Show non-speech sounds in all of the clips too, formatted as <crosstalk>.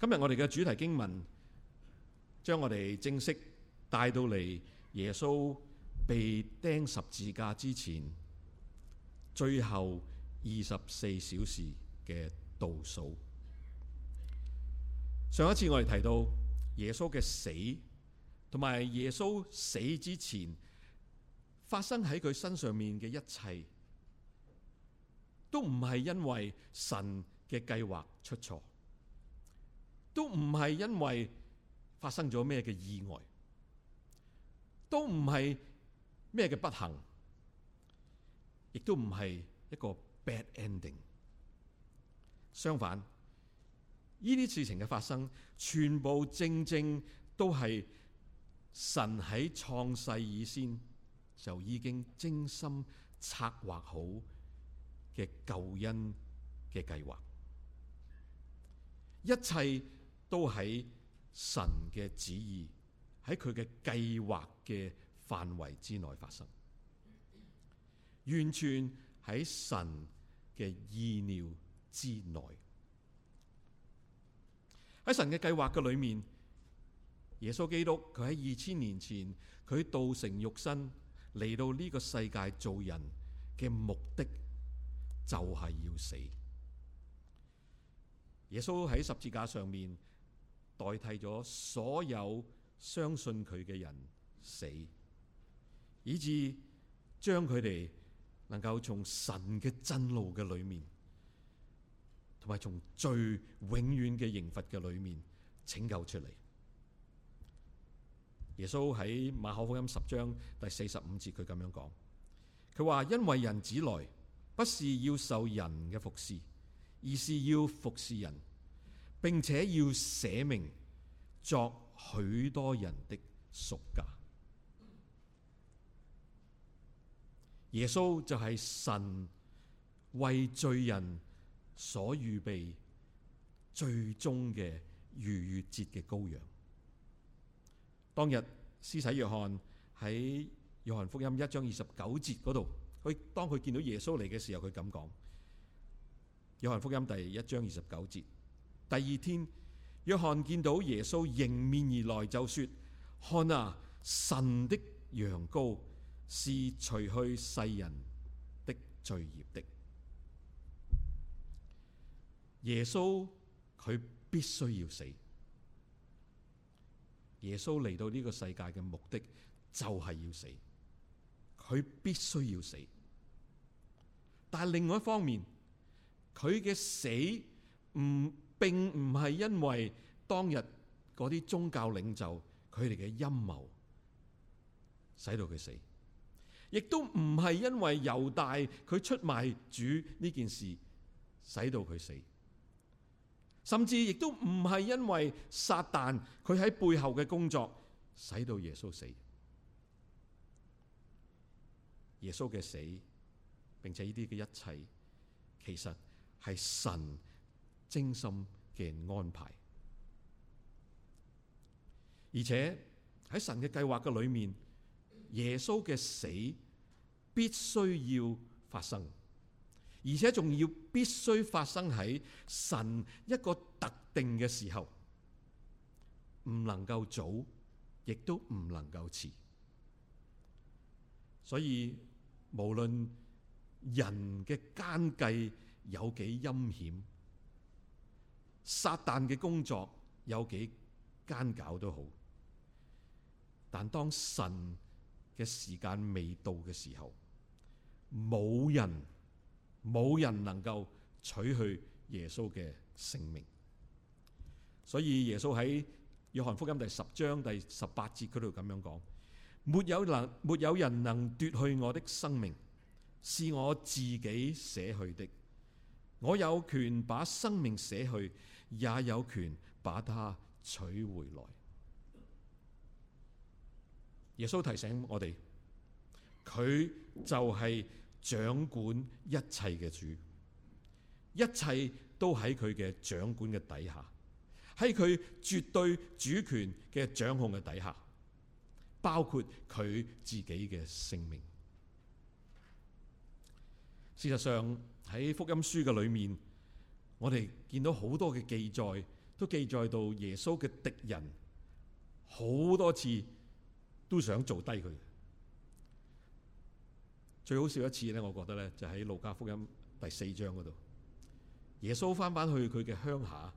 今日我哋嘅主題經文，將我哋正式帶到嚟耶穌被釘十字架之前最後二十四小時嘅倒數。上一次我哋提到耶穌嘅死，同埋耶穌死之前發生喺佢身上面嘅一切，都唔係因為神嘅計劃出錯。都唔係因為發生咗咩嘅意外，都唔係咩嘅不幸，亦都唔係一個 bad ending。相反，呢啲事情嘅發生，全部正正都係神喺創世以先，就已經精心策劃好嘅救恩嘅計劃，一切。都喺神嘅旨意，喺佢嘅計劃嘅範圍之內發生，完全喺神嘅意料之內。喺神嘅計劃嘅裏面，耶穌基督佢喺二千年前佢道成肉身嚟到呢個世界做人嘅目的，就係要死。耶穌喺十字架上面。代替咗所有相信佢嘅人死，以致將佢哋能夠從神嘅震怒嘅裏面，同埋從最永遠嘅刑罰嘅裏面拯救出嚟。耶穌喺馬可福音十章第四十五節，佢咁樣講：佢話因為人子來，不是要受人嘅服侍，而是要服侍人。並且要寫明作許多人的贖價。耶穌就係神為罪人所預備最終嘅逾越節嘅羔羊。當日施洗約翰喺約翰福音一章二十九節嗰度，佢當佢見到耶穌嚟，嘅時候，佢咁講：約翰福音第一章二十九節。第二天，約翰見到耶穌迎面而來，就說：看啊，神的羊羔是除去世人的罪孽的。耶穌佢必須要死。耶穌嚟到呢個世界嘅目的就係要死，佢必須要死。但另外一方面，佢嘅死唔。嗯並唔係因為當日嗰啲宗教領袖佢哋嘅陰謀使到佢死，亦都唔係因為猶大佢出賣主呢件事使到佢死，甚至亦都唔係因為撒旦佢喺背後嘅工作使到耶穌死。耶穌嘅死，並且呢啲嘅一切，其實係神。精心嘅安排，而且喺神嘅計劃嘅裏面，耶穌嘅死必須要發生，而且仲要必須發生喺神一個特定嘅時候，唔能夠早，亦都唔能夠遲。所以無論人嘅奸計有幾陰險，撒旦嘅工作有幾奸狡都好，但當神嘅時間未到嘅時候，冇人冇人能夠取去耶穌嘅性命。所以耶穌喺約翰福音第十章第十八節嗰度咁樣講：沒有能沒有人能奪去我的生命，是我自己捨去的。我有權把生命捨去，也有權把它取回來。耶穌提醒我哋，佢就係掌管一切嘅主，一切都喺佢嘅掌管嘅底下，喺佢絕對主權嘅掌控嘅底下，包括佢自己嘅性命。事實上。喺福音書嘅裏面，我哋見到好多嘅記載，都記載到耶穌嘅敵人好多次都想做低佢。最好笑的一次咧，我覺得咧就喺、是、路加福音第四章嗰度，耶穌翻返去佢嘅鄉下，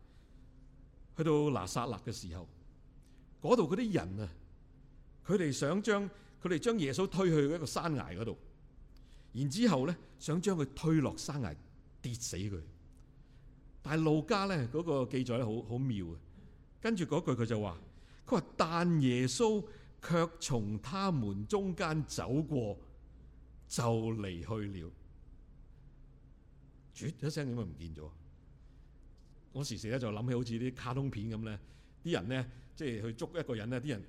去到拿撒勒嘅時候，嗰度嗰啲人啊，佢哋想將佢哋將耶穌推去一個山崖嗰度。然之後咧，想將佢推落山崖，跌死佢。但係路加咧嗰、嗰個記載咧，好好妙啊。跟住嗰句佢就話，佢話但耶穌卻從他們中間走過，就離去了。一聲點解唔見咗？我時時咧就諗起好似啲卡通片咁咧，啲人咧即係去捉一個人咧，啲人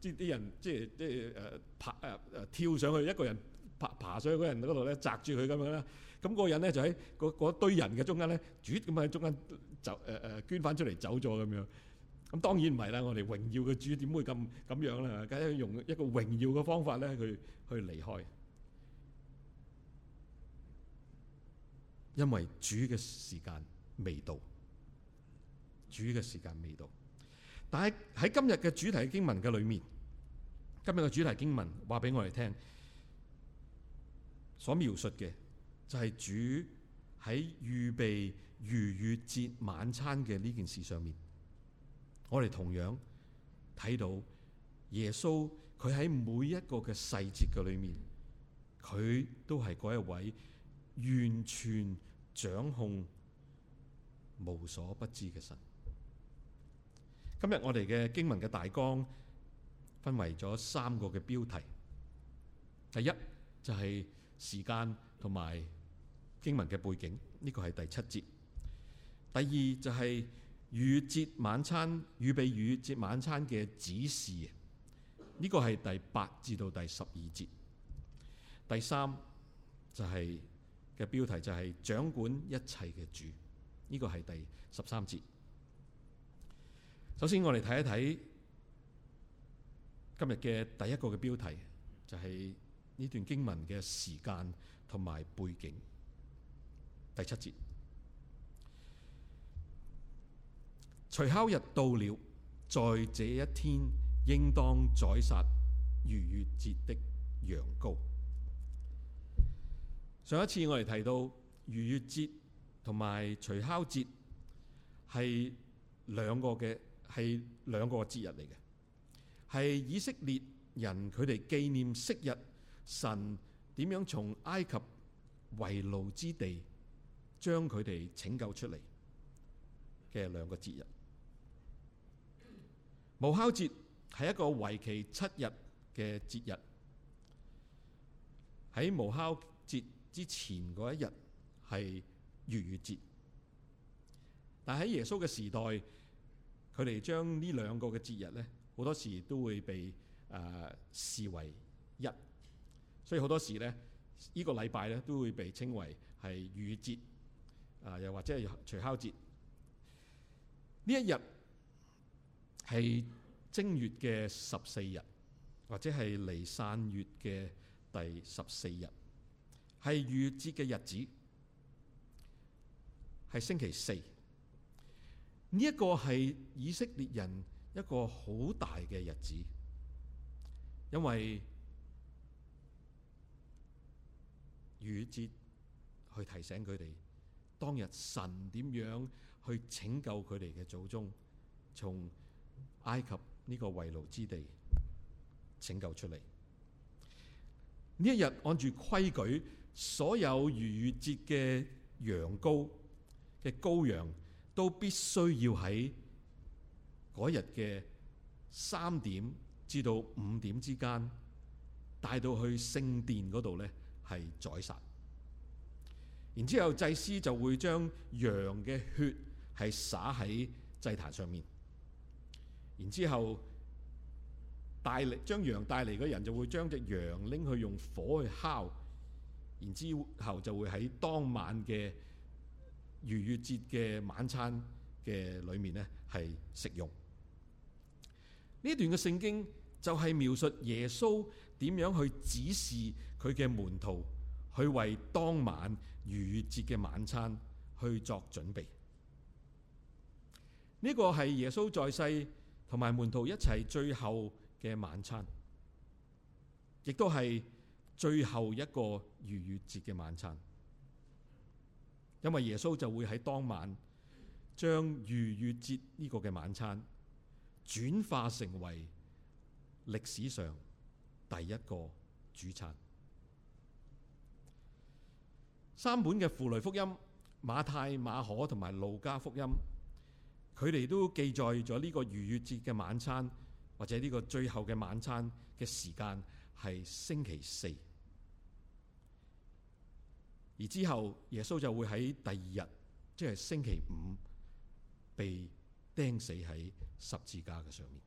即係啲人即係即係誒拍誒誒跳上去一個人。爬爬上去嗰人嗰度咧，擸住佢咁樣啦。咁嗰個人咧就喺嗰嗰堆人嘅中間咧，絕咁喺中間就誒誒捐翻出嚟走咗咁樣。咁當然唔係啦，我哋榮耀嘅主點會咁咁樣啦？梗係用一個榮耀嘅方法咧，佢去離開。因為主嘅時間未到，主嘅時間未到。但係喺今日嘅主題經文嘅裏面，今日嘅主題經文話俾我哋聽。所描述嘅就係、是，主喺預備逾越節晚餐嘅呢件事上面，我哋同樣睇到耶穌佢喺每一個嘅細節嘅裏面，佢都係嗰一位完全掌控、無所不知嘅神。今日我哋嘅經文嘅大綱分為咗三個嘅標題，第一就係、是。時間同埋經文嘅背景，呢個係第七節。第二就係預節晚餐，預備預節晚餐嘅指示，呢個係第八至到第十二節。第三就係嘅標題就係掌管一切嘅主，呢個係第十三節。首先，我哋睇一睇今日嘅第一個嘅標題，就係。呢段經文嘅時間同埋背景，第七節，除酵日到了，在這一天應當宰殺逾越節的羊羔。上一次我哋提到逾越節同埋除酵節係兩個嘅係兩個節日嚟嘅，係以色列人佢哋紀念昔日，神點樣從埃及為奴之地將佢哋拯救出嚟嘅兩個節日，無酵節係一個為期七日嘅節日。喺無酵節之前嗰一日係逾越節，但喺耶穌嘅時代，佢哋將呢兩個嘅節日咧，好多時都會被誒、呃、視為一。所以好多時咧，呢、呢個禮拜咧都會被稱為係逾節，啊，又或者係除酵節。呢一日係正月嘅十四日，或者係尼散月嘅第十四日，係逾節嘅日子，係星期四。呢一個係以色列人一個好大嘅日子，因為逾節去提醒佢哋，當日神點樣去拯救佢哋嘅祖宗，從埃及呢個為奴之地拯救出嚟。呢一日按住規矩，所有逾越節嘅羊羔嘅羔羊都必須要喺嗰日嘅三點至到五點之間帶到去聖殿嗰度咧。係宰殺，然之後祭司就會將羊嘅血係灑喺祭壇上面，然之後帶嚟將羊帶嚟嘅人就會將隻羊拎去用火去烤，然之後就會喺當晚嘅逾越節嘅晚餐嘅裏面咧係食用。呢一段嘅聖經就係描述耶穌點樣去指示。佢嘅門徒去為當晚逾越節嘅晚餐去作準備。呢個係耶穌在世同埋門徒一齊最後嘅晚餐，亦都係最後一個逾越節嘅晚餐。因為耶穌就會喺當晚將逾越節呢個嘅晚餐轉化成為歷史上第一個主餐。三本嘅符類福音、馬太、馬可同埋路加福音，佢哋都記載咗呢個逾越節嘅晚餐，或者呢個最後嘅晚餐嘅時間係星期四，而之後耶穌就會喺第二日，即係星期五，被釘死喺十字架嘅上面。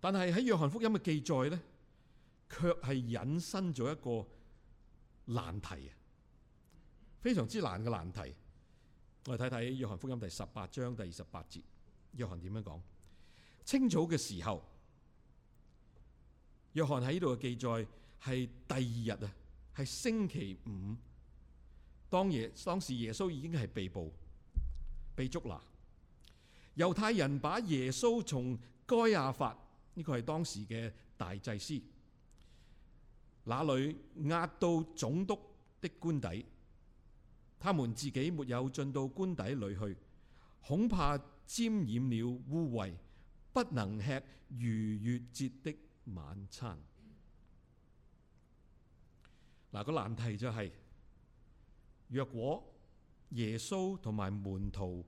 但係喺約翰福音嘅記載呢，卻係引申咗一個。難題啊，非常之難嘅難題。我哋睇睇《約翰福音》第十八章第二十八節，約翰點樣講？清早嘅時候，約翰喺呢度嘅記載係第二日啊，係星期五。當耶當時耶穌已經係被捕、被捉拿，猶太人把耶穌從該亞法呢個係當時嘅大祭司。那裏壓到總督的官邸，他們自己沒有進到官邸裏去，恐怕沾染了污穢，不能吃逾越節的晚餐。嗱、那，個難題就係、是，若果耶穌同埋門徒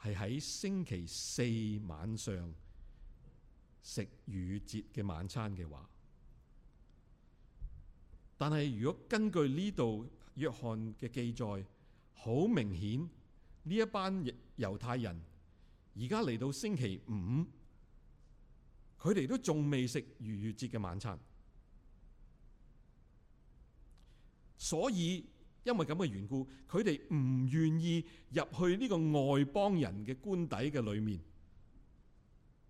係喺星期四晚上食逾越節嘅晚餐嘅話。但係如果根據呢度約翰嘅記載，好明顯呢一班猶太人而家嚟到星期五，佢哋都仲未食逾越節嘅晚餐，所以因為咁嘅緣故，佢哋唔願意入去呢個外邦人嘅官邸嘅裏面，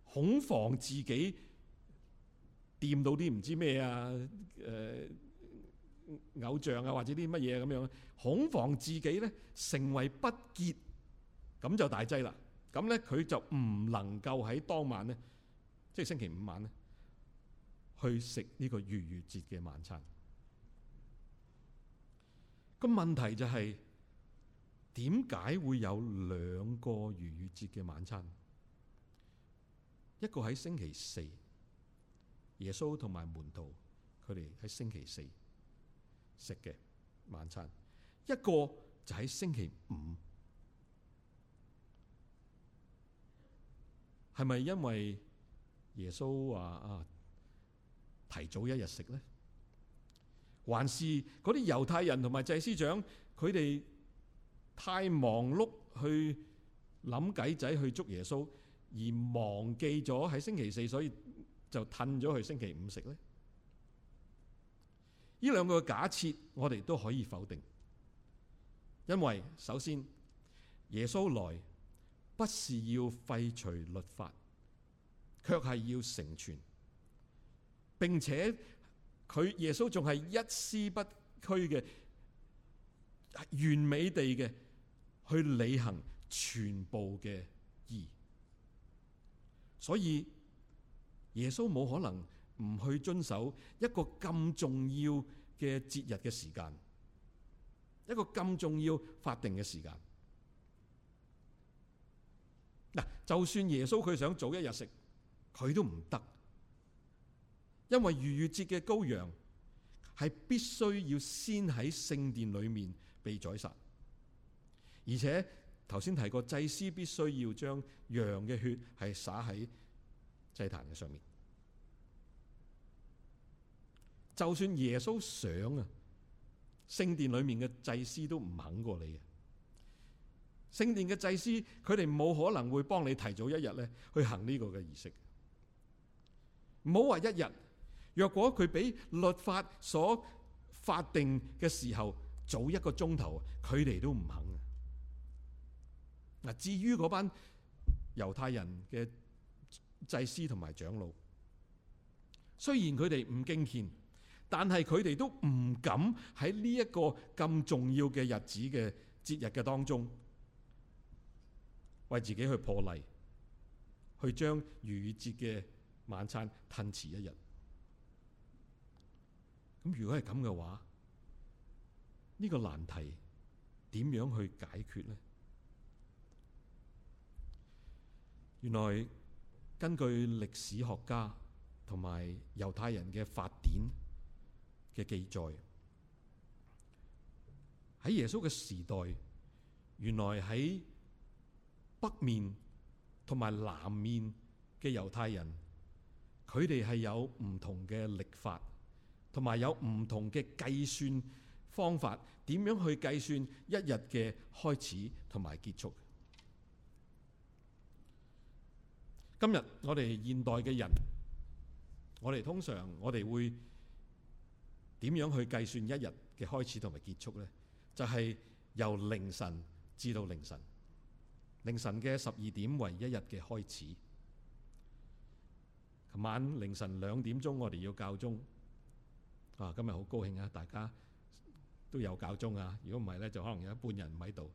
恐防自己掂到啲唔知咩啊誒，呃偶像啊，或者啲乜嘢咁樣，恐防自己咧成為不潔，咁就大劑啦。咁咧佢就唔能夠喺當晚咧，即係星期五晚咧，去食呢個逾越節嘅晚餐。個問題就係點解會有兩個逾越節嘅晚餐？一個喺星期四，耶穌同埋門徒佢哋喺星期四。食嘅晚餐，一個就喺星期五，係咪因為耶穌話啊提早一日食咧？還是嗰啲猶太人同埋祭司長佢哋太忙碌去諗計仔去捉耶穌，而忘記咗喺星期四，所以就褪咗去星期五食咧？呢兩個假設，我哋都可以否定，因為首先耶穌來不是要廢除律法，卻係要成全，並且佢耶穌仲係一絲不苟嘅完美地嘅去履行全部嘅義，所以耶穌冇可能。唔去遵守一個咁重要嘅節日嘅時間，一個咁重要法定嘅時間。嗱，就算耶穌佢想早一日食，佢都唔得，因為逾越節嘅羔羊係必須要先喺聖殿裡面被宰殺，而且頭先提過祭司必須要將羊嘅血係灑喺祭壇嘅上面。就算耶穌想啊，聖殿裡面嘅祭司都唔肯過你嘅。聖殿嘅祭司，佢哋冇可能會幫你提早一日咧去行呢個嘅儀式。唔好話一日，若果佢俾律法所法定嘅時候早一個鐘頭，佢哋都唔肯啊。嗱，至於嗰班猶太人嘅祭司同埋長老，雖然佢哋唔敬虔。但係佢哋都唔敢喺呢一個咁重要嘅日子嘅節日嘅當中，為自己去破例，去將逾越節嘅晚餐吞遲一日。咁如果係咁嘅話，呢個難題點樣去解決呢？原來根據歷史學家同埋猶太人嘅法典。嘅記載喺耶穌嘅時代，原來喺北面同埋南面嘅猶太人，佢哋係有唔同嘅曆法，同埋有唔同嘅計算方法，點樣去計算一日嘅開始同埋結束。今日我哋現代嘅人，我哋通常我哋會。點樣去計算一日嘅開始同埋結束呢？就係由凌晨至到凌晨，凌晨嘅十二點為一日嘅開始。琴晚凌晨兩點鐘，我哋要教鐘。啊，今日好高興啊！大家都有教鐘啊！如果唔係呢，就可能有一半人唔喺度。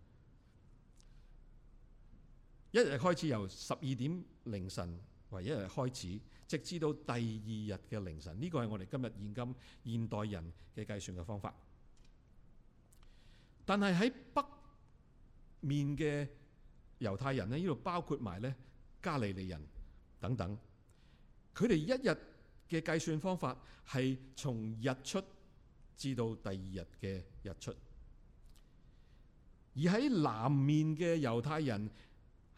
一日開始由十二點凌晨。唯一日開始，直至到第二日嘅凌晨，呢個係我哋今日現今現代人嘅計算嘅方法。但係喺北面嘅猶太人呢，呢度包括埋咧加利利人等等，佢哋一日嘅計算方法係從日出至到第二日嘅日出。而喺南面嘅猶太人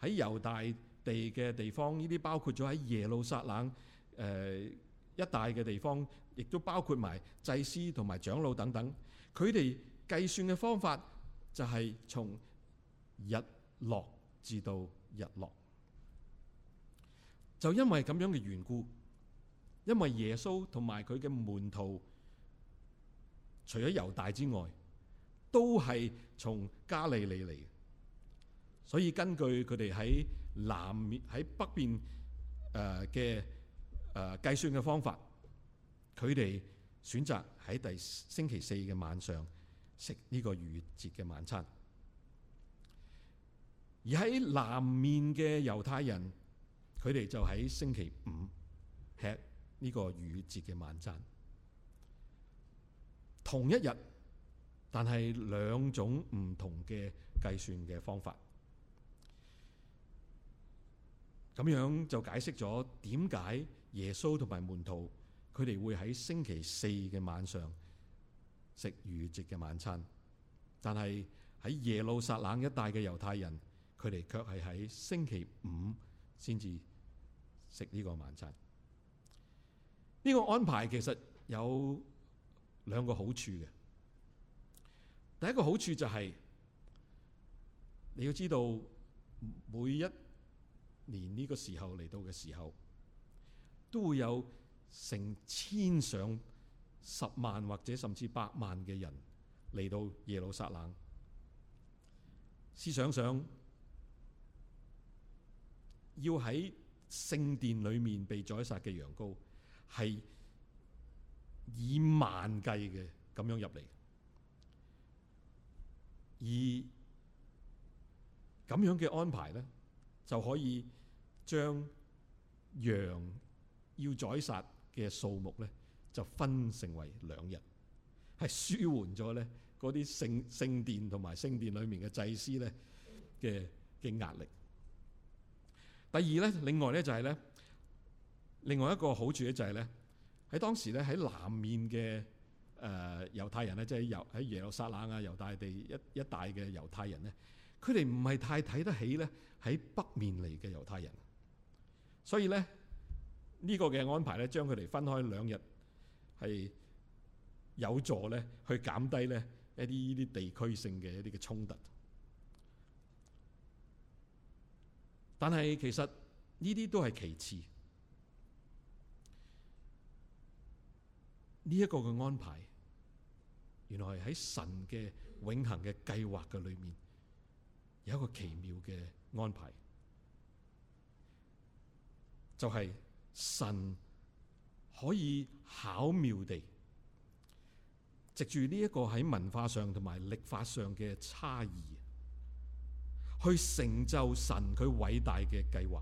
喺猶大地嘅地方，呢啲包括咗喺耶路撒冷誒一帶嘅地方，亦都包括埋祭司同埋長老等等。佢哋計算嘅方法就係從日落至到日落。就因為咁樣嘅緣故，因為耶穌同埋佢嘅門徒，除咗猶大之外，都係從加利利嚟。所以根據佢哋喺南面喺北面誒嘅誒計算嘅方法，佢哋選擇喺第星期四嘅晚上食呢個逾越節嘅晚餐；而喺南面嘅猶太人，佢哋就喺星期五吃呢個逾越節嘅晚餐。同一日，但係兩種唔同嘅計算嘅方法。咁樣就解釋咗點解耶穌同埋門徒佢哋會喺星期四嘅晚上食逾節嘅晚餐，但係喺耶路撒冷一帶嘅猶太人，佢哋卻係喺星期五先至食呢個晚餐。呢、這個安排其實有兩個好處嘅。第一個好處就係、是、你要知道每一。連呢個時候嚟到嘅時候，都會有成千上十萬或者甚至百萬嘅人嚟到耶路撒冷。試想想，要喺聖殿裏面被宰殺嘅羊羔係以萬計嘅，咁樣入嚟。而咁樣嘅安排咧，就可以。將羊要宰殺嘅數目咧，就分成為兩日，係舒緩咗咧嗰啲聖聖殿同埋聖殿裏面嘅祭司咧嘅嘅壓力。第二咧，另外咧就係、是、咧，另外一個好處咧就係咧，喺當時咧喺南面嘅誒、呃、猶太人咧，即係喺喺耶路撒冷啊猶大地一一帶嘅猶太人咧，佢哋唔係太睇得起咧喺北面嚟嘅猶太人。所以咧，呢個嘅安排咧，將佢哋分開兩日，係有助咧去減低咧一啲呢啲地區性嘅一啲嘅衝突。但係其實呢啲都係其次，呢一個嘅安排，原來喺神嘅永恆嘅計劃嘅裏面，有一個奇妙嘅安排。就係神可以巧妙地藉住呢一個喺文化上同埋歷法上嘅差異，去成就神佢偉大嘅計劃，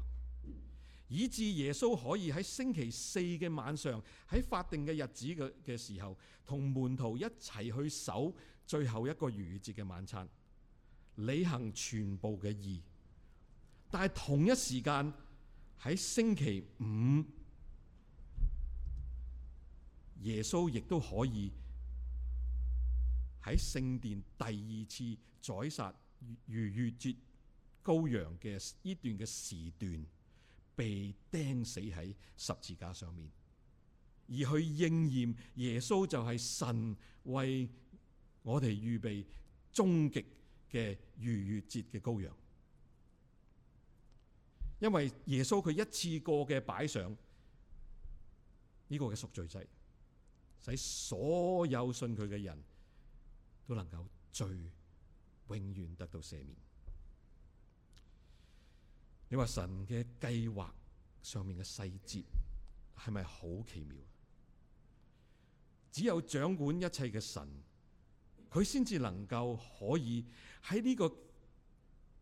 以至耶穌可以喺星期四嘅晚上，喺法定嘅日子嘅嘅時候，同門徒一齊去守最後一個逾節嘅晚餐，履行全部嘅義。但係同一時間，喺星期五，耶穌亦都可以喺聖殿第二次宰殺逾越節羔羊嘅呢段嘅時段，被釘死喺十字架上面，而去應驗耶穌就係神為我哋預備終極嘅逾越節嘅羔羊。因為耶穌佢一次過嘅擺上呢個嘅贖罪祭，使所有信佢嘅人都能夠罪永遠得到赦免。你話神嘅計劃上面嘅細節係咪好奇妙？只有掌管一切嘅神，佢先至能夠可以喺呢個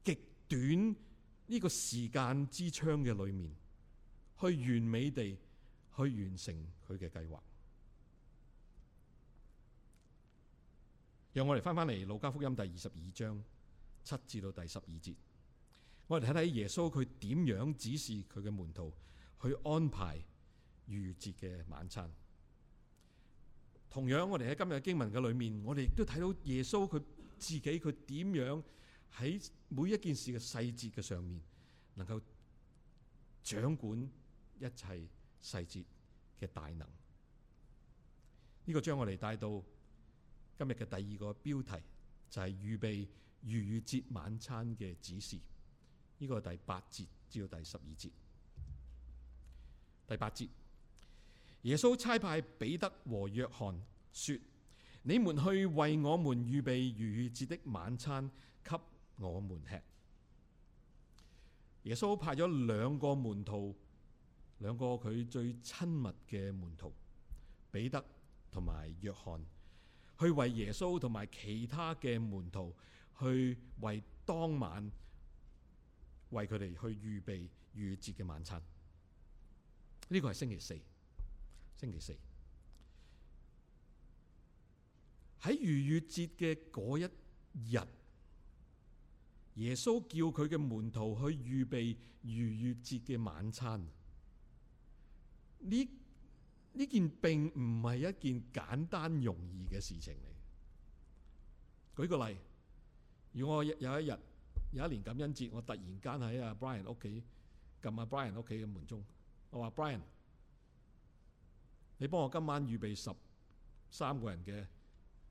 極短。呢個時間之窗嘅裏面，去完美地去完成佢嘅計劃。讓我哋翻翻嚟《路加福音》第二十二章七至到第十二節，我哋睇睇耶穌佢點樣指示佢嘅門徒去安排逾節嘅晚餐。同樣，我哋喺今日經文嘅裏面，我哋亦都睇到耶穌佢自己佢點樣。他喺每一件事嘅細節嘅上面，能夠掌管一切細節嘅大能。呢、這個將我哋帶到今日嘅第二個標題，就係、是、預備逾越節晚餐嘅指示。呢、這個係第八節至到第十二節。第八節，耶穌差派彼得和約翰說：你們去為我們預備逾越節的晚餐。我們吃，耶穌派咗兩個門徒，兩個佢最親密嘅門徒彼得同埋約翰，去為耶穌同埋其他嘅門徒，去為當晚為佢哋去預備逾越節嘅晚餐。呢、這個係星期四，星期四喺逾越節嘅嗰一日。耶穌叫佢嘅門徒去預備逾越節嘅晚餐，呢呢件並唔係一件簡單容易嘅事情嚟。舉個例，如果我有一日有一年感恩節，我突然間喺阿 Brian 屋企撳阿 Brian 屋企嘅門鐘，我話 Brian，你幫我今晚預備十三個人嘅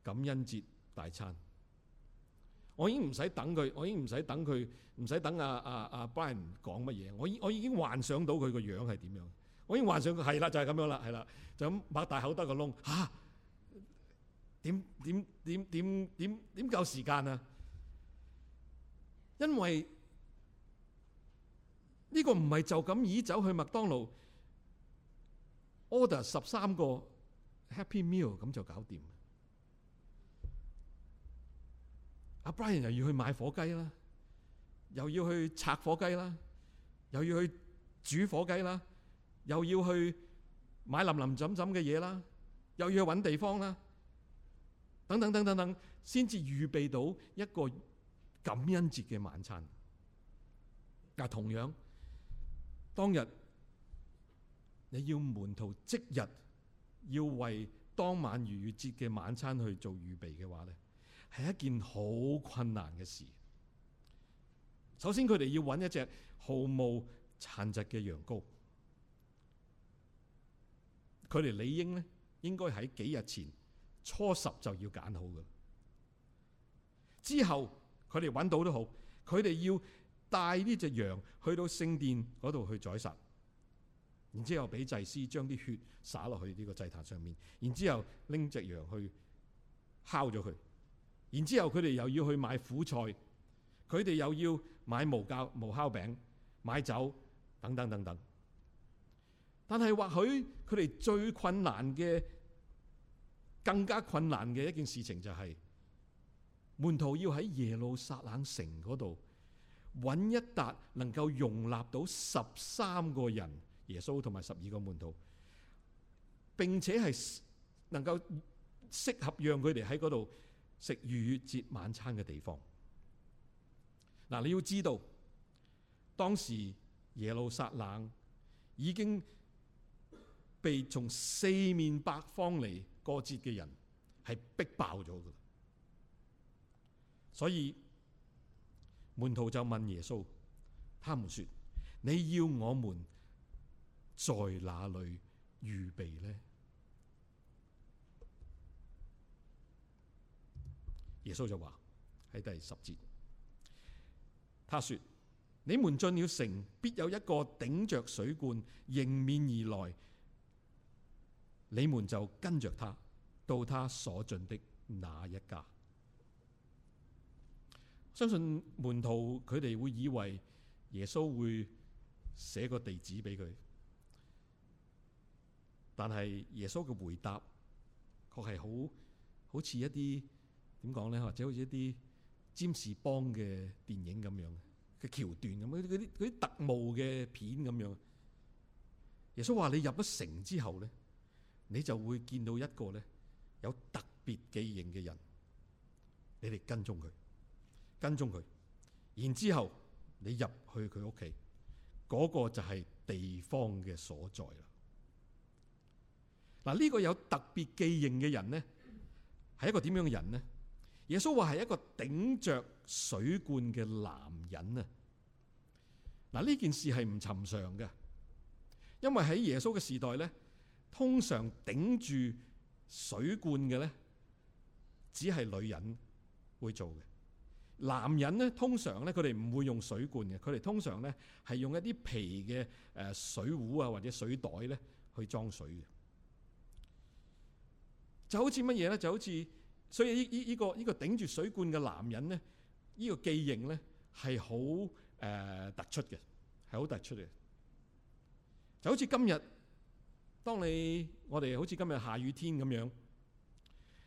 感恩節大餐。我已經唔使等佢，我已經唔使等佢，唔使等阿阿阿 Brian 講乜嘢，我已我已經幻想到佢個樣係點樣，我已經幻想佢係啦，就係咁樣啦，係啦，就咁擘大口得個窿，嚇點點點點點點夠時間啊！因為呢個唔係就咁已走去麥當勞 order 十三個 Happy Meal 咁就搞掂。阿布 Brian 又要去買火雞啦，又要去拆火雞啦，又要去煮火雞啦，又要去買林林總總嘅嘢啦，又要去搵地方啦，等等等等等，先至預備到一個感恩節嘅晚餐。嗱，同樣當日你要門徒即日要為當晚逾越節嘅晚餐去做預備嘅話咧，係一件好困難嘅事。首先，佢哋要揾一隻毫無殘疾嘅羊羔。佢哋理應咧，應該喺幾日前初十就要揀好嘅。之後佢哋揾到都好，佢哋要帶呢隻羊去到聖殿嗰度去宰殺，然之後俾祭司將啲血灑落去呢個祭壇上面，然之後拎隻羊去烤咗佢。然之後佢哋又要去買苦菜，佢哋又要買無酵無烤餅、買酒等等等等。但係或許佢哋最困難嘅、更加困難嘅一件事情就係，門徒要喺耶路撒冷城嗰度揾一笪能夠容納到十三個人，耶穌同埋十二個門徒，並且係能夠適合讓佢哋喺嗰度，食逾越節晚餐嘅地方，嗱，你要知道，當時耶路撒冷已經被從四面八方嚟過節嘅人係逼爆咗噶，所以門徒就問耶穌，他們說，你要我們在哪裡預備呢？耶穌就話喺第十節，他說：你們進了城，必有一個頂着水罐迎面而來，你們就跟着他到他所進的那一家。相信門徒佢哋會以為耶穌會寫個地址俾佢，但係耶穌嘅回答確，確係好好似一啲。點講咧？或者好似一啲占士邦嘅電影咁樣嘅橋段咁，嗰啲嗰啲特務嘅片咁樣。耶穌話，你入咗城之後咧，你就會見到一個咧有特別記認嘅人，你哋跟蹤佢，跟蹤佢，然之後你入去佢屋企，嗰、嗰個就係地方嘅所在啦。嗱、呢、呢個有特別記認嘅人咧，係一個點樣嘅人咧？耶穌話係一個頂着水罐嘅男人啊！嗱，呢件事係唔尋常嘅，因為喺耶穌嘅時代咧，通常頂住水罐嘅咧，只係女人會做嘅。男人咧通常，咧佢哋唔會用水罐嘅，佢哋通常咧係用一啲皮嘅誒水壺啊或者水袋咧去裝水嘅，就好似乜嘢咧？就好似。所以呢依依個依個頂住水罐嘅男人咧，這個、技呢個記認咧係好誒突出嘅，係好突出嘅。就好似今日，當你我哋好似今日下雨天咁樣，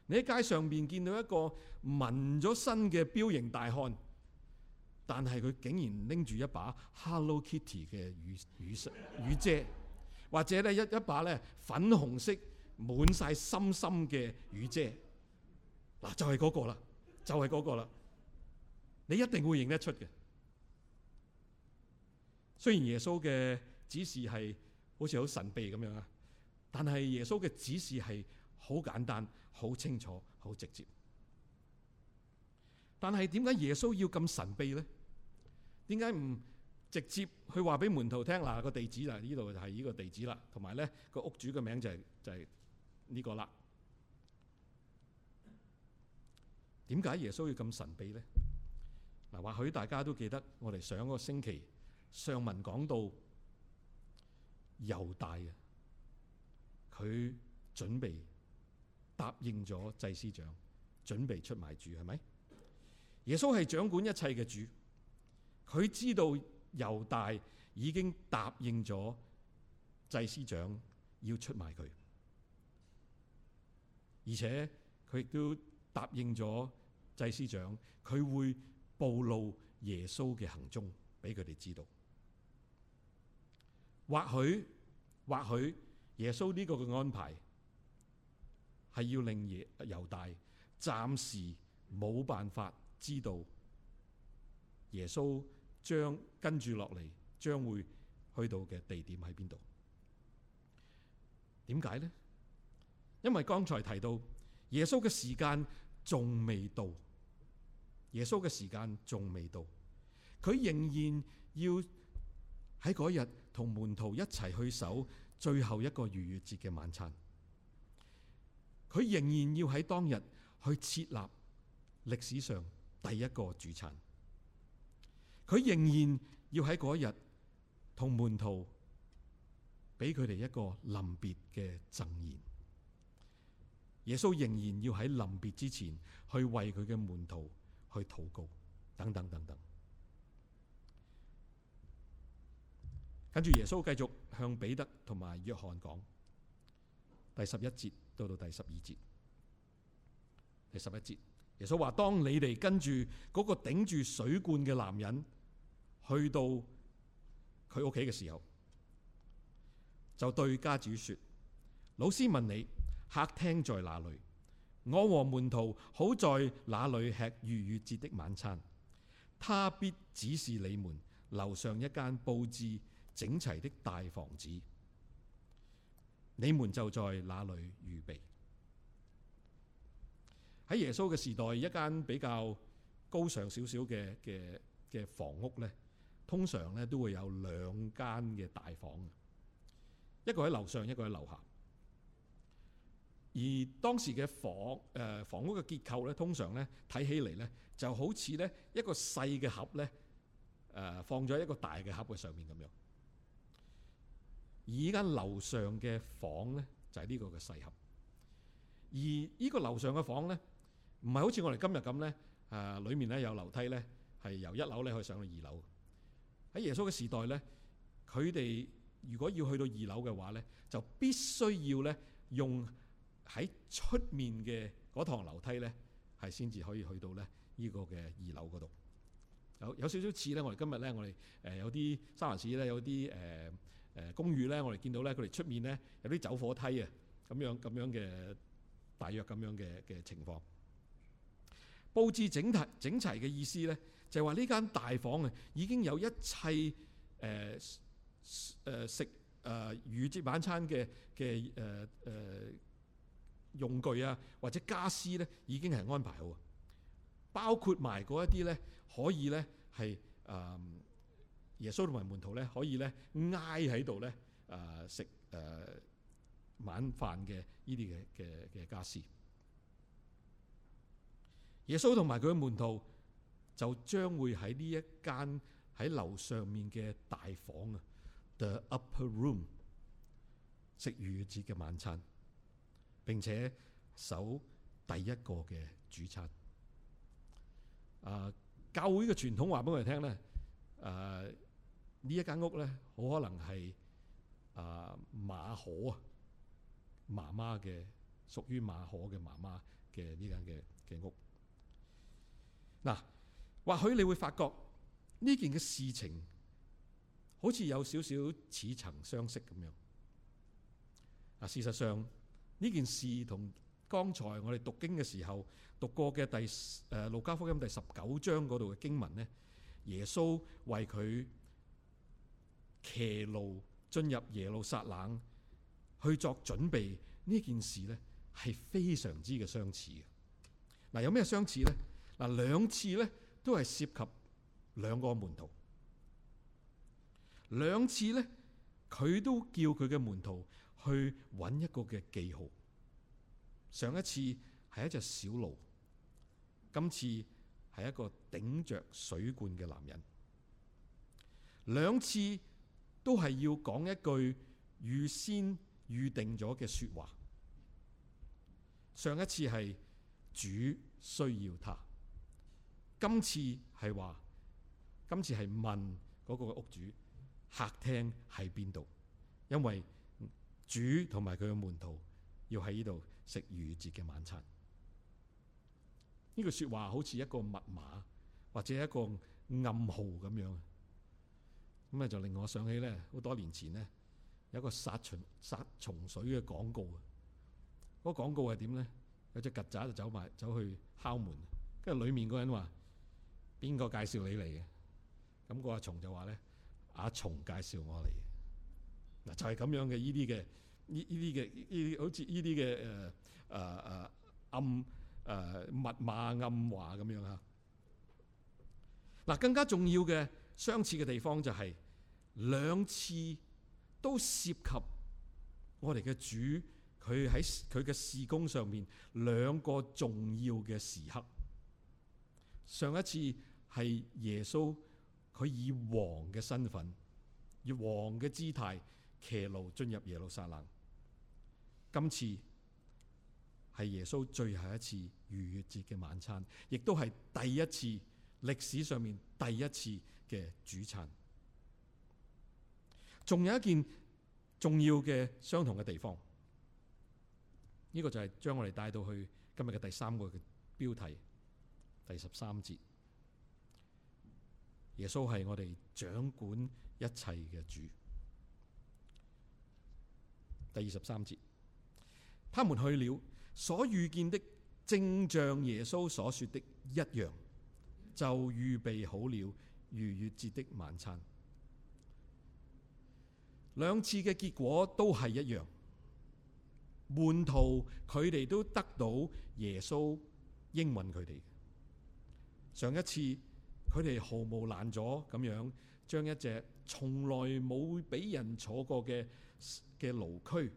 你喺街上邊見到一個紋咗身嘅彪形大漢，但係佢竟然拎住一把 Hello Kitty 嘅雨雨雨遮，或者咧一一把咧粉紅色滿晒深深嘅雨遮。嗱，就係嗰個啦，就係嗰個啦，你一定會認得出嘅。雖然耶穌嘅指示係好似好神秘咁樣啊，但係耶穌嘅指示係好簡單、好清楚、好直接。但係點解耶穌要咁神秘咧？點解唔直接去話俾門徒聽？嗱，個地址就係呢度，就係呢個地址啦，同埋咧個屋主嘅名就係就係呢個啦。點解耶穌要咁神秘咧？嗱，或許大家都記得我哋上嗰個星期上文講到猶大啊，佢準備答應咗祭司長，準備出賣主，係咪？耶穌係掌管一切嘅主，佢知道猶大已經答應咗祭司長要出賣佢，而且佢亦都答應咗。祭司長，佢會暴露耶穌嘅行蹤俾佢哋知道。或許或許耶穌呢個嘅安排係要令耶猶大暫時冇辦法知道耶穌將跟住落嚟，將會去到嘅地點喺邊度？點解呢？因為剛才提到耶穌嘅時間仲未到。耶穌嘅時間仲未到，佢仍然要喺嗰日同門徒一齊去守最後一個逾越節嘅晚餐。佢仍然要喺當日去設立歷史上第一個主餐。佢仍然要喺嗰日同門徒俾佢哋一個臨別嘅贈言。耶穌仍然要喺臨別之前去為佢嘅門徒。去禱告，等等等等。跟住耶穌繼續向彼得同埋約翰講，第十一節到到第十二節。第十一節，耶穌話：當你哋跟住嗰個頂住水罐嘅男人去到佢屋企嘅時候，就對家主說：老師問你，客廳在哪裏？我和門徒好在那裏吃逾越節的晚餐，他必指示你們樓上一間布置整齊的大房子，你們就在那裏預備。喺耶穌嘅時代，一間比較高尚少少嘅嘅嘅房屋呢，通常咧都會有兩間嘅大房，一個喺樓上，一個喺樓下。而當時嘅房，誒、呃、房屋嘅結構咧，通常咧睇起嚟咧，就好似咧一個細嘅盒咧，誒、呃、放咗一個大嘅盒喺上面咁樣。而依間樓上嘅房咧，就係、是、呢個嘅細盒。而依個樓上嘅房咧，唔係好似我哋今日咁咧，誒、呃、裡面咧有樓梯咧，係由一樓咧可以上到二樓的。喺耶穌嘅時代咧，佢哋如果要去到二樓嘅話咧，就必須要咧用，喺出面嘅嗰趟樓梯咧，係先至可以去到咧呢、呢個嘅二樓嗰度。有有少少似咧，我哋今日咧，我哋誒有啲三藩市咧，有啲誒誒公寓咧，我哋見到咧，佢哋出面咧有啲走火梯啊，咁樣咁樣嘅大約咁樣嘅嘅情況。佈置整齊整齊嘅意思咧，就係話呢間大房啊，已經有一切誒誒、呃、食誒逾越、呃、節晚餐嘅嘅誒誒。用具啊，或者家私咧，已經係安排好的，嗯，啊，包括埋嗰一啲咧，可以咧係誒，的的的耶穌同埋門徒咧，可以咧挨喺度咧誒食誒晚飯嘅呢啲嘅嘅嘅家私。耶穌同埋佢嘅門徒就將會喺呢一間喺樓上面嘅大房啊，The Upper Room 食逾越節嘅晚餐。並且守第一個嘅主餐。啊，教會嘅傳統話俾我哋聽咧，誒呢一間屋咧，好可能係啊馬可啊媽媽嘅，屬於馬可嘅媽媽嘅呢間嘅嘅屋。嗱，啊，或許你會發覺呢件嘅事情好似有少少似曾相識咁樣。嗱，事實上。呢件事同剛才我哋讀經嘅時候讀過嘅第誒路加福音第十九章嗰度嘅經文咧，耶穌為佢騎驢進入耶路撒冷去作準備呢件事咧，係非常之嘅相似嘅。嗱、啊，有咩相似咧？嗱，兩次咧都係涉及兩個門徒，兩次咧佢都叫佢嘅門徒。去揾一個嘅記號。上一次係一隻小驢，今次係一個頂着水罐嘅男人。兩次都係要講一句預先預定咗嘅説話。上一次係主需要他，今次係話，今次係問嗰個屋主客廳喺邊度？因為，主同埋佢嘅門徒要喺呢度食逾節嘅晚餐，呢句説話好似一個密碼或者一個暗號咁樣啊。咁啊就令我想起咧好多年前咧有一個殺蟲殺蟲水嘅廣告啊。嗰、那個、廣告係點咧？有隻曱甴就走埋走去敲門，跟住裡面嗰人話：邊個介紹你嚟嘅？咁、那個阿松就話咧：阿松介紹我嚟嗱，就係咁樣嘅呢啲嘅，呢呢啲嘅，呢啲好似呢啲嘅誒誒誒暗誒、啊、密碼暗話咁樣啊！嗱，更加重要嘅相似嘅地方就係、是、兩次都涉及我哋嘅主，佢喺佢嘅事工上面，兩個重要嘅時刻。上一次係耶穌，佢以王嘅身份，以王嘅姿態。騎驢進入耶路撒冷。今次係耶穌最後一次逾越節嘅晚餐，亦都係第一次歷史上面第一次嘅主餐。仲有一件重要嘅相同嘅地方，呢個就係將我哋帶到去今日嘅第三個標題，第十三節。耶穌係我哋掌管一切嘅主。第二十三節，他們去了，所遇見的正像耶穌所說的一樣，就預備好了逾越節的晚餐。兩次嘅結果都係一樣，門徒佢哋都得到耶穌應允，佢哋上一次佢哋毫無攔阻咁樣，將一隻從來冇俾人坐過嘅。嘅牢區，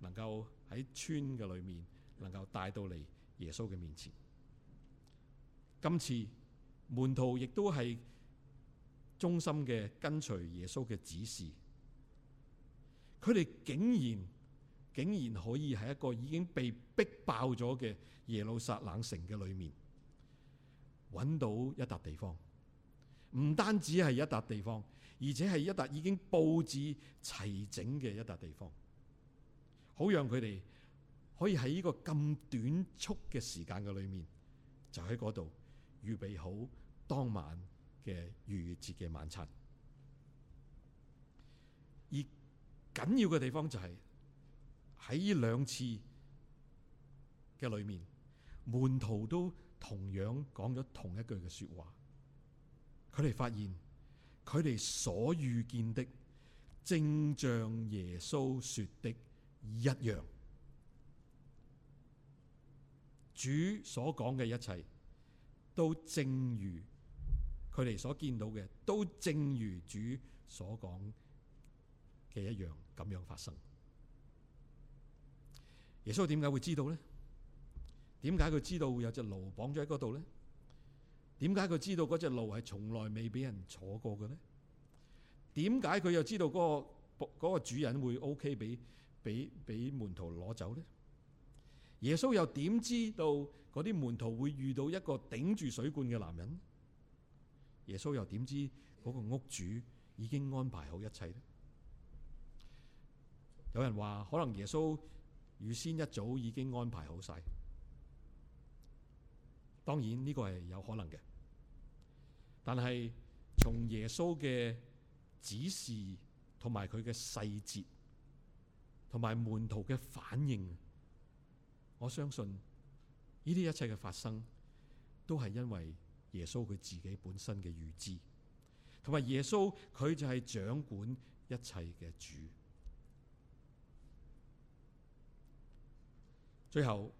能夠喺村嘅裏面，能夠帶到嚟耶穌嘅面前。今次門徒亦都係忠心嘅跟隨耶穌嘅指示，佢哋竟然竟然可以喺一個已經被逼爆咗嘅耶路撒冷城嘅裏面，揾到一笪地方，唔單止係一笪地方。而且係一笪已經佈置齊整嘅一笪地方，好讓佢哋可以喺呢個咁短促嘅時間嘅裏面，就喺嗰度預備好當晚嘅逾越節嘅晚餐。而緊要嘅地方就係、是、喺呢兩次嘅裏面，門徒都同樣講咗同一句嘅説話，佢哋發現。佢哋所遇見的，正像耶穌說的一樣。主所講嘅一切，都正如佢哋所見到嘅，都正如主所講嘅一樣咁樣發生。耶穌點解會知道咧？點解佢知道會有隻驢綁咗喺嗰度咧？點解佢知道嗰隻路係從來未俾人坐過嘅呢？點解佢又知道嗰、嗰個、嗰個主人會 OK 俾俾俾門徒攞走呢？耶穌又點知道嗰啲門徒會遇到一個頂住水罐嘅男人？耶穌又點知嗰個屋主已經安排好一切呢？有人話可能耶穌預先一早已經安排好晒。當然呢個係有可能嘅。但係從耶穌嘅指示，同埋佢嘅細節，同埋門徒嘅反應，我相信呢啲一切嘅發生，都係因為耶穌佢自己本身嘅預知，同埋耶穌佢就係掌管一切嘅主。最後，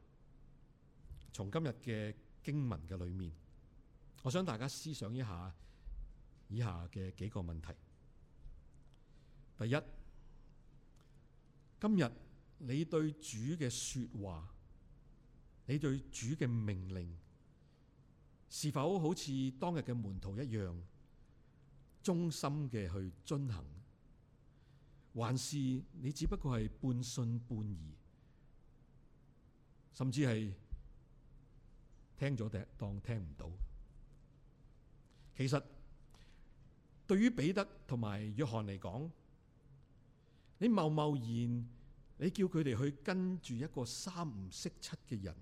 從今日嘅經文嘅裏面，我想大家思想一下以下嘅幾個問題。第一，今日你對主嘅說話，你對主嘅命令，是否好似當日嘅門徒一樣忠心嘅去遵行？還是你只不過係半信半疑，甚至係聽咗定當聽唔到？其實對於彼得同埋約翰嚟講，你貿貿然，你叫佢哋去跟住一個三唔識七嘅人，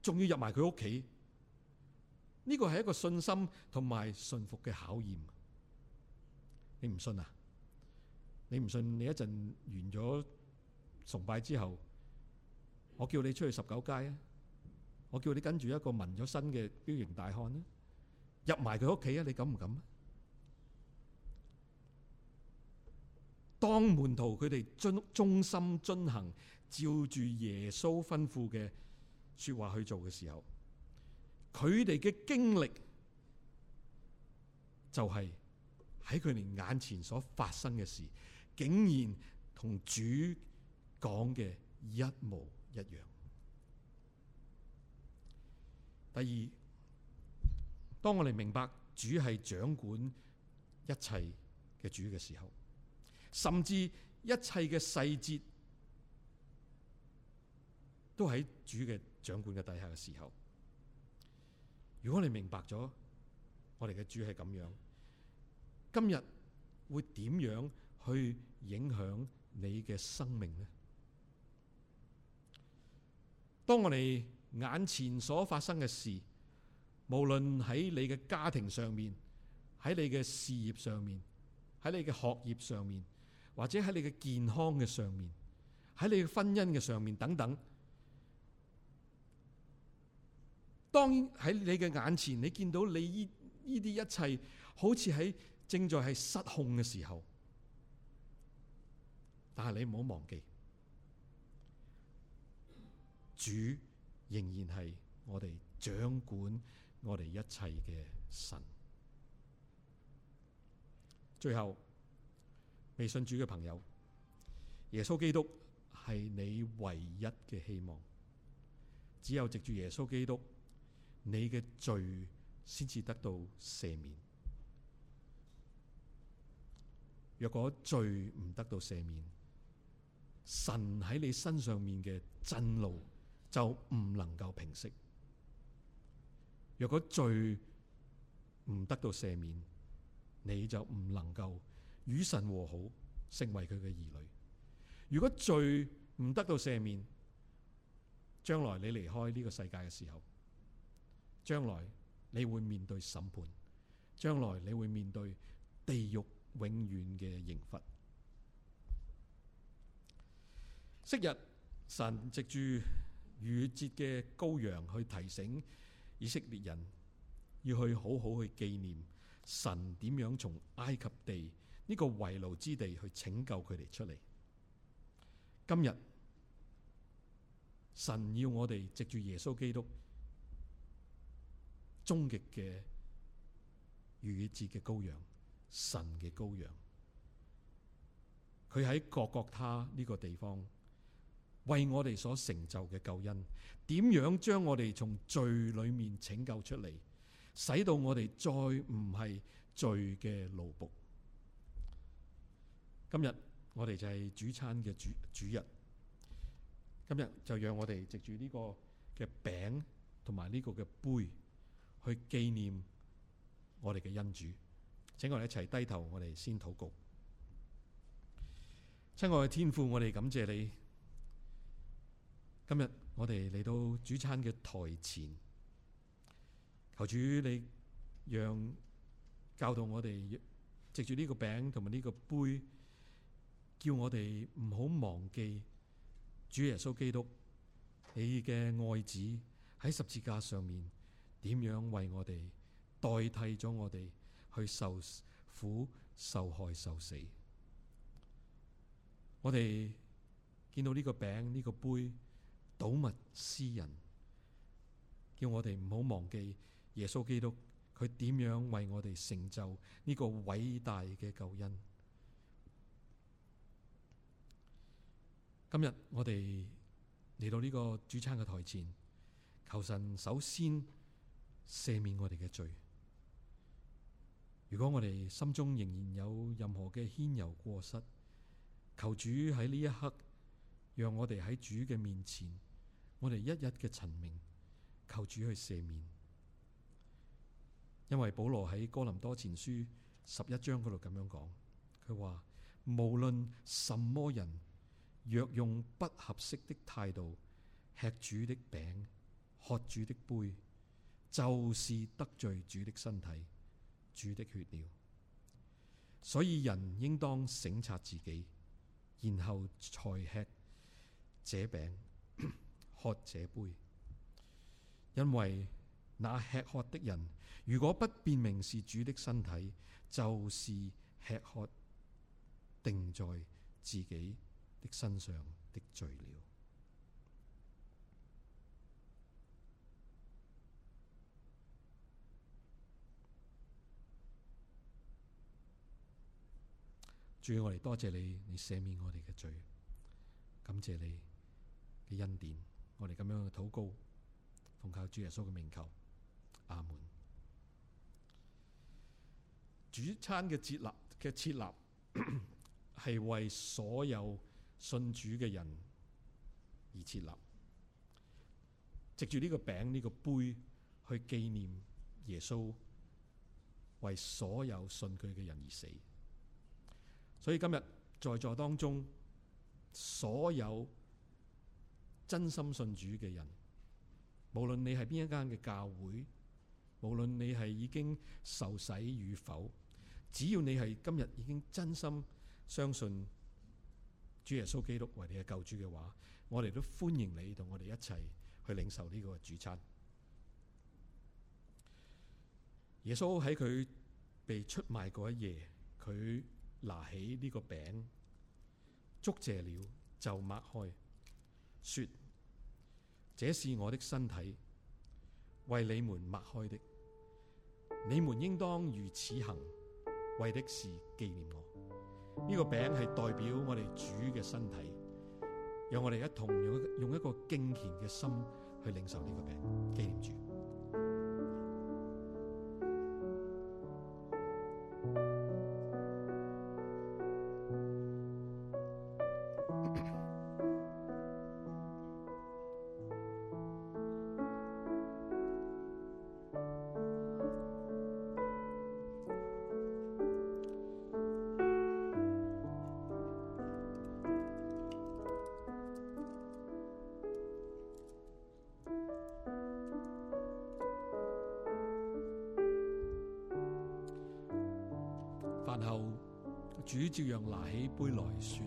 仲要入埋佢屋企，呢個係一個信心同埋信服嘅考驗。你唔信啊？你唔信？你一陣完咗崇拜之後，我叫你出去十九街啊！我叫你跟住一個紋咗身嘅彪形大漢入埋佢屋企啊！你敢唔敢？當門徒，佢哋遵忠心遵行，照住耶穌吩咐嘅說話去做嘅時候，佢哋嘅經歷就係喺佢哋眼前所發生嘅事，竟然同主講嘅一模一樣。第二。當我哋明白主係掌管一切嘅主嘅時候，甚至一切嘅細節都喺主嘅掌管嘅底下嘅時候，如果你明白咗我哋嘅主係咁樣，今日會點樣去影響你嘅生命呢？當我哋眼前所發生嘅事，無論喺你嘅家庭上面，喺你嘅事業上面，喺你嘅學業上面，或者喺你嘅健康嘅上面，喺你嘅婚姻嘅上面等等，當然喺你嘅眼前，你見到你呢呢啲一切，好似喺正在係失控嘅時候，但係你唔好忘記，主仍然係我哋掌管。我哋一切嘅神，最後未信主嘅朋友，耶穌基督係你唯一嘅希望。只有藉住耶穌基督，你嘅罪先至得到赦免。若果罪唔得到赦免，神喺你身上面嘅震怒，就唔能夠平息。如果罪唔得到赦免，你就唔能夠與神和好，成為佢嘅兒女。如果罪唔得到赦免，將來你離開呢個世界嘅時候，將來你會面對審判，將來你會面對地獄永遠嘅刑罰。昔日神藉住逾越節嘅羔羊去提醒。以色列人要去好好去紀念神點樣從埃及地呢個，為奴之地，去拯救佢哋出嚟。今日神要我哋藉住耶穌基督終極嘅逾越節嘅羔羊，神嘅羔羊，佢喺各各他呢個地方，為我哋所成就嘅救恩，點樣將我哋從罪裏面拯救出嚟，使到我哋再唔係罪嘅奴僕。今日我哋就係主餐嘅主主人，今日就讓我哋藉住呢個嘅餅同埋呢個嘅杯，去紀念我哋嘅恩主。請我哋一齊低頭，我哋先禱告。親愛嘅天父，我哋感謝你。今日我哋嚟到主餐嘅台前，求主你讓教導我哋藉住呢個餅同埋呢個杯，叫我哋唔好忘記主耶穌基督你嘅愛子喺十字架上面點樣為我哋代替咗我哋去受苦、受害、受死。我哋見到呢個餅、呢個杯。睹物思人，叫我哋唔好忘記耶穌基督，佢點樣為我哋成就呢個偉大嘅救恩。今日我哋嚟到呢個主餐嘅台前，求神首先赦免我哋嘅罪。如果我哋心中仍然有任何嘅牽柔過失，求主喺呢一刻，讓我哋喺主嘅面前。我哋一日嘅陳明，求主去赦免。因為保羅喺哥林多前書十一章嗰度咁樣講，佢話「無論什麼人，若用不合適的態度吃主的餅、喝主的杯，就是得罪主的身體、主的血了。」所以人應當省察自己，然後才吃這餅。喝這杯，因為那吃喝的人，如果不辨明是主的身體，就是吃喝定在自己的身上的罪了。主，我哋多謝你，你赦免我哋嘅罪，感謝你嘅恩典。我哋咁樣嘅禱告，奉靠主耶穌嘅名求，阿門。主餐嘅設立嘅設立係 <coughs> 為所有信主嘅人而設立，藉住呢個餅呢個杯去紀念耶穌為所有信佢嘅人而死。所以今日在座當中所有。真心信主嘅人，無論你係邊一間嘅教會，無論你係已經受洗與否，只要你係今日已經真心相信主耶穌基督為你嘅救主嘅話，我哋都歡迎你同我哋一齊去領受呢個主餐。耶穌喺佢被出賣嗰一夜，佢拿起呢個餅，祝謝了，就擘開。說：這是我的身體，為你們擘開的。你們應當如此行，為的是紀念我。呢、這個餅係代表我哋主嘅身體，讓我哋一同用用一個敬虔嘅心去領受呢個餅，紀念主。拿起杯來說。